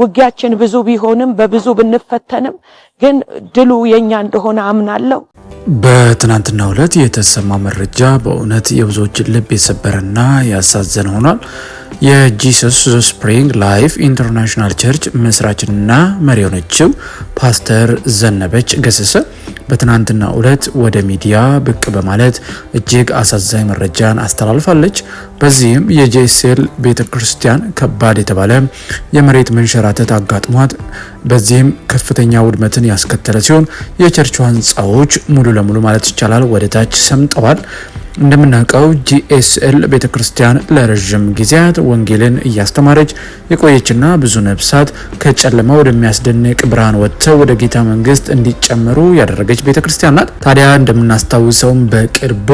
ውጊያችን ብዙ ቢሆንም በብዙ ብንፈተንም ግን ድሉ የኛ እንደሆነ አምናለሁ። በትናንትናው ዕለት የተሰማ መረጃ በእውነት የብዙዎችን ልብ የሰበረና ያሳዘነ ሆኗል። የጂሰስ ስፕሪንግ ላይፍ ኢንተርናሽናል ቸርች መስራችና መሪ የሆነችው ፓስተር ዘነበች ገሰሰ በትናንትና ዕለት ወደ ሚዲያ ብቅ በማለት እጅግ አሳዛኝ መረጃን አስተላልፋለች። በዚህም የጄሴል ቤተ ክርስቲያን ከባድ የተባለ የመሬት መንሸራተት አጋጥሟት በዚህም ከፍተኛ ውድመትን ያስከተለ ሲሆን የቸርቹ ሕንፃዎች ሙሉ ለሙሉ ማለት ይቻላል ወደ ታች ሰምጠዋል። እንደምናውቀው ጂኤስኤል ቤተ ክርስቲያን ለረዥም ጊዜያት ወንጌልን እያስተማረች የቆየችና ብዙ ነፍሳት ከጨለማ ወደሚያስደንቅ ብርሃን ወጥተው ወደ ጌታ መንግስት እንዲጨመሩ ያደረገች ቤተ ክርስቲያን ናት። ታዲያ እንደምናስታውሰውም በቅርቡ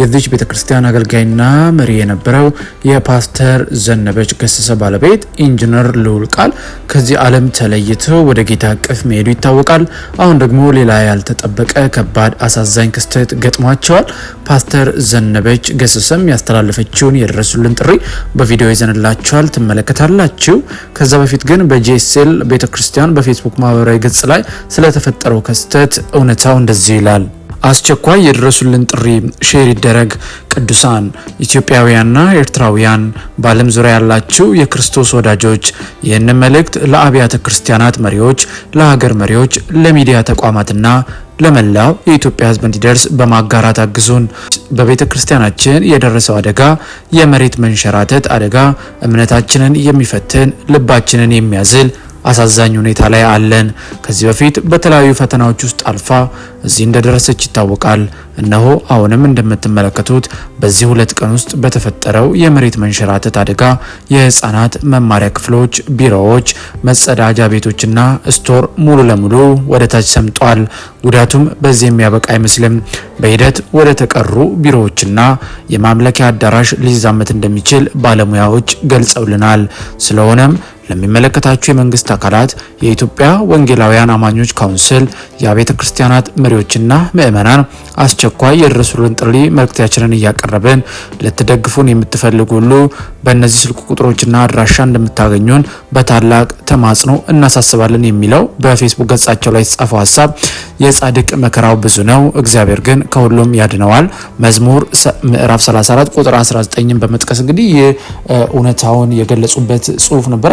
የዚች ቤተ ክርስቲያን አገልጋይና መሪ የነበረው የፓስተር ዘነበች ገሰሰ ባለቤት ኢንጂነር ልዑል ቃል ከዚህ ዓለም ተለይቶ ወደ ጌታ እቅፍ መሄዱ ይታወቃል። አሁን ደግሞ ሌላ ያልተጠበቀ ከባድ አሳዛኝ ክስተት ገጥሟቸዋል። ፓስተር ዘነበች ገሰሰም ያስተላለፈችውን የደረሱልን ጥሪ በቪዲዮ ይዘንላችኋል፣ ትመለከታላችሁ። ከዛ በፊት ግን በጄሴል ቤተክርስቲያን በፌስቡክ ማህበራዊ ገጽ ላይ ስለተፈጠረው ክስተት እውነታው እንደዚህ ይላል። አስቸኳይ የደረሱልን ጥሪ ሼር ይደረግ። ቅዱሳን ኢትዮጵያውያንና ኤርትራውያን በዓለም ዙሪያ ያላችሁ የክርስቶስ ወዳጆች ይህንን መልእክት ለአብያተ ክርስቲያናት መሪዎች፣ ለሀገር መሪዎች፣ ለሚዲያ ተቋማትና ለመላው የኢትዮጵያ ሕዝብ እንዲደርስ በማጋራት አግዙን። በቤተ ክርስቲያናችን የደረሰው አደጋ የመሬት መንሸራተት አደጋ እምነታችንን የሚፈትን ልባችንን የሚያዝል አሳዛኝ ሁኔታ ላይ አለን። ከዚህ በፊት በተለያዩ ፈተናዎች ውስጥ አልፋ እዚህ እንደደረሰች ይታወቃል። እነሆ አሁንም እንደምትመለከቱት በዚህ ሁለት ቀን ውስጥ በተፈጠረው የመሬት መንሸራተት አደጋ የህፃናት መማሪያ ክፍሎች፣ ቢሮዎች፣ መጸዳጃ ቤቶችና ስቶር ሙሉ ለሙሉ ወደ ታች ሰምጧል። ጉዳቱም በዚህ የሚያበቃ አይመስልም። በሂደት ወደ ተቀሩ ቢሮዎችና የማምለኪያ አዳራሽ ሊዛመት እንደሚችል ባለሙያዎች ገልጸውልናል። ስለሆነም ለሚመለከታቸው የመንግስት አካላት፣ የኢትዮጵያ ወንጌላውያን አማኞች ካውንስል፣ የአቤተ ክርስቲያናት መሪዎችና ምዕመናን አስቸኳይ የድረሱልን ጥሪ መልእክታችንን እያቀረብን ልትደግፉን የምትፈልጉ ሁሉ በእነዚህ ስልክ ቁጥሮችና አድራሻ እንደምታገኙን በታላቅ ተማጽኖ እናሳስባለን የሚለው በፌስቡክ ገጻቸው ላይ የተጻፈው ሀሳብ የጻድቅ መከራው ብዙ ነው፣ እግዚአብሔር ግን ከሁሉም ያድነዋል። መዝሙር ምዕራፍ 34 ቁጥር 19ን በመጥቀስ እንግዲህ ይህ እውነታውን የገለጹበት ጽሁፍ ነበረ።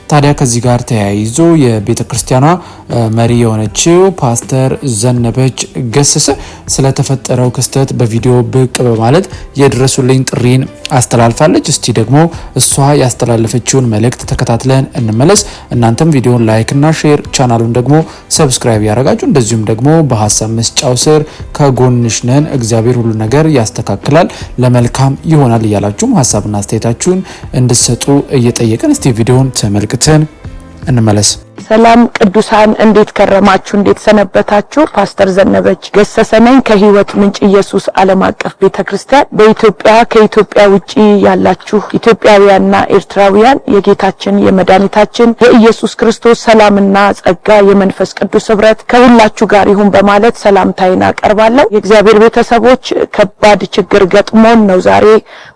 ታዲያ ከዚህ ጋር ተያይዞ የቤተ ክርስቲያኗ መሪ የሆነችው ፓስተር ዘነበች ገስስ ስለተፈጠረው ክስተት በቪዲዮ ብቅ በማለት የድረሱልኝ ጥሪን አስተላልፋለች። እስቲ ደግሞ እሷ ያስተላለፈችውን መልእክት ተከታትለን እንመለስ። እናንተም ቪዲዮን እና ሼር ቻናሉን ደግሞ ሰብስክራይብ ያደረጋችሁ እንደዚሁም ደግሞ በሀሳብ መስጫው ስር ከጎንሽ ነን፣ እግዚአብሔር ሁሉ ነገር ያስተካክላል፣ ለመልካም ይሆናል እያላችሁም ሀሳብና አስተያየታችሁን እንድሰጡ እየጠየቀን እስቲ ቪዲዮን ተመልክት ተመልክተን እንመለስ። ሰላም ቅዱሳን፣ እንዴት ከረማችሁ? እንዴት ሰነበታችሁ? ፓስተር ዘነበች ገሰሰ ነኝ ከህይወት ምንጭ ኢየሱስ ዓለም አቀፍ ቤተክርስቲያን። በኢትዮጵያ ከኢትዮጵያ ውጪ ያላችሁ ኢትዮጵያውያንና ኤርትራውያን የጌታችን የመድኃኒታችን የኢየሱስ ክርስቶስ ሰላምና ጸጋ የመንፈስ ቅዱስ ህብረት ከሁላችሁ ጋር ይሁን በማለት ሰላምታዬን አቀርባለሁ። የእግዚአብሔር ቤተሰቦች ከባድ ችግር ገጥሞን ነው ዛሬ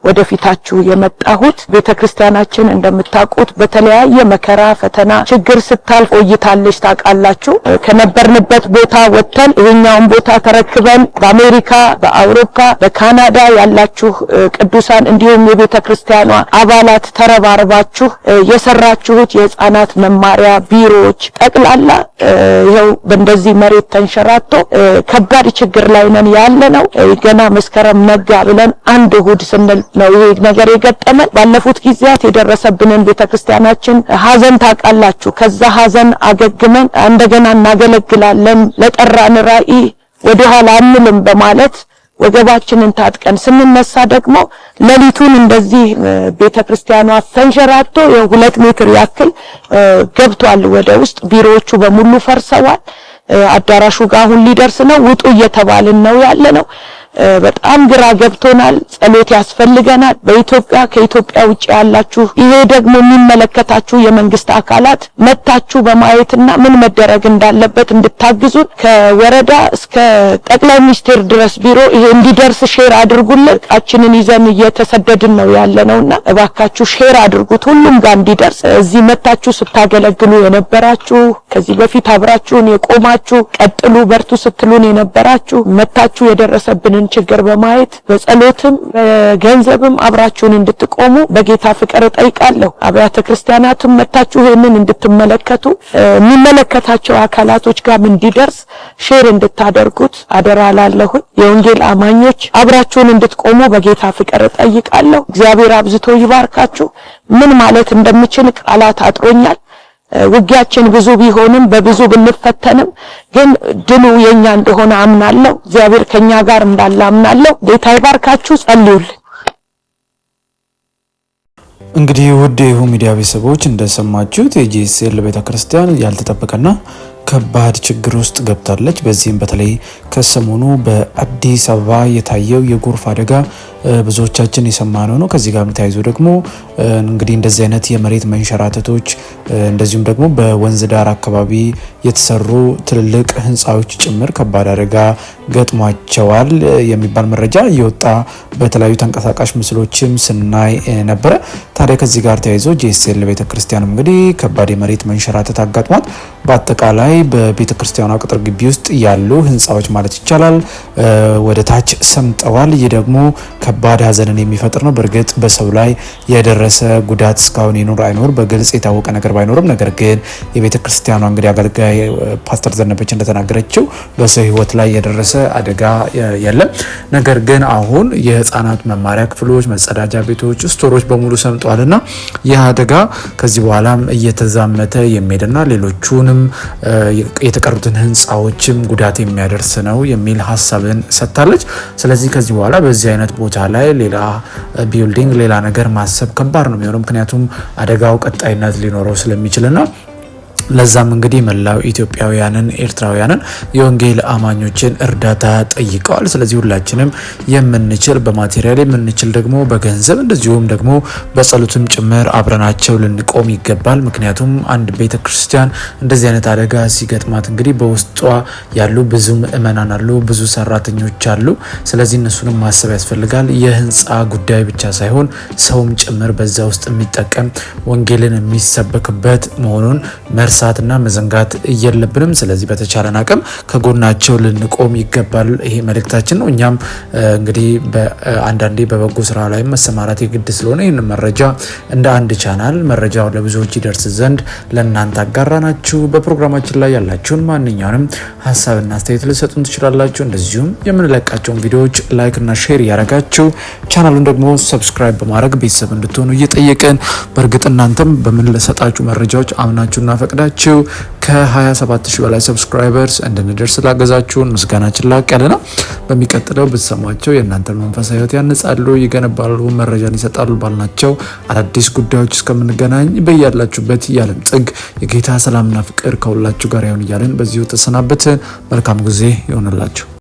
ወደፊታችሁ የመጣሁት። ቤተክርስቲያናችን እንደምታውቁት በተለያየ መከራ፣ ፈተና፣ ችግር ስታል ቆይታለች ታውቃላችሁ። ከነበርንበት ቦታ ወጥተን ይሄኛውን ቦታ ተረክበን በአሜሪካ፣ በአውሮፓ፣ በካናዳ ያላችሁ ቅዱሳን እንዲሁም የቤተ ክርስቲያኗ አባላት ተረባርባችሁ የሰራችሁት የህፃናት መማሪያ ቢሮዎች ጠቅላላ ይኸው በእንደዚህ መሬት ተንሸራቶ ከባድ ችግር ላይ ነን ያለ ነው። ገና መስከረም ነጋ ብለን አንድ እሁድ ስንል ነው ይሄ ነገር የገጠመን። ባለፉት ጊዜያት የደረሰብንን ቤተክርስቲያናችን ሀዘን ታውቃላችሁ። ከዛ ሀዘን ተጋግዘን አገግመን እንደገና እናገለግላለን፣ ለጠራን ራዕይ ወደኋላ አንልም በማለት ወገባችንን ታጥቀን ስንነሳ ደግሞ ሌሊቱን እንደዚህ ቤተ ክርስቲያኗ ተንሸራቶ የሁለት ሜትር ያክል ገብቷል ወደ ውስጥ። ቢሮዎቹ በሙሉ ፈርሰዋል። አዳራሹ ጋር አሁን ሊደርስ ነው። ውጡ እየተባልን ነው ያለ ነው። በጣም ግራ ገብቶናል። ጸሎት ያስፈልገናል። በኢትዮጵያ ከኢትዮጵያ ውጭ ያላችሁ ይሄ ደግሞ የሚመለከታችሁ የመንግስት አካላት መታችሁ በማየትና ምን መደረግ እንዳለበት እንድታግዙን ከወረዳ እስከ ጠቅላይ ሚኒስቴር ድረስ ቢሮ ይሄ እንዲደርስ ሼር አድርጉልን። እቃችንን ይዘን እየተሰደድን ነው ያለነውና እባካችሁ ሼር አድርጉት ሁሉም ጋር እንዲደርስ። እዚህ መታችሁ ስታገለግሉ የነበራችሁ ከዚህ በፊት አብራችሁን የቆማችሁ ቀጥሉ በርቱ ስትሉን የነበራችሁ መታችሁ የደረሰብንን ያለንን ችግር በማየት በጸሎትም በገንዘብም አብራችሁን እንድትቆሙ በጌታ ፍቅር እጠይቃለሁ። አብያተ ክርስቲያናትም መታችሁ ይህንን እንድትመለከቱ የሚመለከታቸው አካላቶች ጋርም እንዲደርስ ሼር እንድታደርጉት አደራ ላለሁኝ። የወንጌል አማኞች አብራችሁን እንድትቆሙ በጌታ ፍቅር እጠይቃለሁ። እግዚአብሔር አብዝቶ ይባርካችሁ። ምን ማለት እንደምችል ቃላት አጥሮኛል። ውጊያችን ብዙ ቢሆንም በብዙ ብንፈተንም ግን ድሉ የኛ እንደሆነ አምናለሁ። እግዚአብሔር ከኛ ጋር እንዳለ አምናለሁ። ጌታ ይባርካችሁ። ጸልዩልኝ። እንግዲህ ውድ የሁ ሚዲያ ቤተሰቦች እንደሰማችሁት የጄኤስኤል ቤተክርስቲያን ያልተጠበቀና ከባድ ችግር ውስጥ ገብታለች። በዚህም በተለይ ከሰሞኑ በአዲስ አበባ የታየው የጎርፍ አደጋ ብዙዎቻችን የሰማነው ነው። ከዚህ ጋር ተያይዞ ደግሞ እንግዲህ እንደዚህ አይነት የመሬት መንሸራተቶች እንደዚሁም ደግሞ በወንዝ ዳር አካባቢ የተሰሩ ትልልቅ ህንፃዎች ጭምር ከባድ አደጋ ገጥሟቸዋል የሚባል መረጃ እየወጣ በተለያዩ ተንቀሳቃሽ ምስሎችም ስናይ ነበረ። ታዲያ ከዚህ ጋር ተያይዞ ጄስል ቤተክርስቲያንም እንግዲህ ከባድ የመሬት መንሸራተት አጋጥሟት በአጠቃላይ በቤተክርስቲያኗ ቅጥር ግቢ ውስጥ ያሉ ህንፃዎች ማለት ይቻላል ወደ ታች ሰምጠዋል። ይህ ደግሞ ከባድ ሀዘንን የሚፈጥር ነው። በእርግጥ በሰው ላይ የደረሰ ጉዳት እስካሁን ይኖር አይኖር በግልጽ የታወቀ ነገር ባይኖርም፣ ነገር ግን የቤተ ክርስቲያኗ እንግዲህ አገልጋይ ፓስተር ዘነበች እንደተናገረችው በሰው ህይወት ላይ የደረሰ አደጋ የለም። ነገር ግን አሁን የህፃናት መማሪያ ክፍሎች፣ መጸዳጃ ቤቶች፣ ስቶሮች በሙሉ ሰምጧልና ይህ አደጋ ከዚህ በኋላም እየተዛመተ የሚሄድና ሌሎቹንም የተቀሩትን ህንፃዎችም ጉዳት የሚያደርስ ነው የሚል ሀሳብን ሰጥታለች። ስለዚህ ከዚህ በኋላ በዚህ አይነት ቦታ ላይ ሌላ ቢልዲንግ፣ ሌላ ነገር ማሰብ ከባድ ነው የሚሆነው ምክንያቱም አደጋው ቀጣይነት ሊኖረው ስለሚችልና ለዛም እንግዲህ መላው ኢትዮጵያውያንን ኤርትራውያንን የወንጌል አማኞችን እርዳታ ጠይቀዋል። ስለዚህ ሁላችንም የምንችል በማቴሪያል የምንችል ደግሞ በገንዘብ እንደዚሁም ደግሞ በጸሎትም ጭምር አብረናቸው ልንቆም ይገባል። ምክንያቱም አንድ ቤተ ክርስቲያን እንደዚህ አይነት አደጋ ሲገጥማት እንግዲህ በውስጧ ያሉ ብዙ ምእመናን አሉ፣ ብዙ ሰራተኞች አሉ። ስለዚህ እነሱንም ማሰብ ያስፈልጋል። የህንፃ ጉዳይ ብቻ ሳይሆን ሰውም ጭምር በዛ ውስጥ የሚጠቀም ወንጌልን የሚሰበክበት መሆኑን መርስ መርሳትና መዘንጋት የለብንም። ስለዚህ በተቻለን አቅም ከጎናቸው ልንቆም ይገባል። ይሄ መልእክታችን ነው። እኛም እንግዲህ አንዳንዴ በበጎ ስራ ላይ መሰማራት የግድ ስለሆነ ይህን መረጃ እንደ አንድ ቻናል መረጃው ለብዙዎች ይደርስ ዘንድ ለእናንተ አጋራ ናችሁ። በፕሮግራማችን ላይ ያላችሁን ማንኛውንም ሀሳብና አስተያየት ልሰጡን ትችላላችሁ። እንደዚሁም የምንለቃቸውን ቪዲዮዎች ላይክና ሼር እያደረጋችሁ ቻናሉን ደግሞ ሰብስክራይብ በማድረግ ቤተሰብ እንድትሆኑ እየጠየቀን በእርግጥ እናንተም በምንለሰጣችሁ መረጃዎች አምናችሁና ፈቅዳ ስለረዳችሁ ከ27000 በላይ ሰብስክራይበርስ እንድንደርስ ላገዛችሁን ምስጋናችን ላቅ ያለ ነው። በሚቀጥለው ብትሰሟቸው የእናንተን መንፈሳዊ ህይወት ያነጻሉ፣ ይገነባሉ፣ መረጃን ይሰጣሉ ባልናቸው አዳዲስ ጉዳዮች እስከምንገናኝ በያላችሁበት የዓለም ጥግ የጌታ ሰላምና ፍቅር ከሁላችሁ ጋር ይሁን እያለን በዚሁ ተሰናበትን። መልካም ጊዜ ይሆንላችሁ።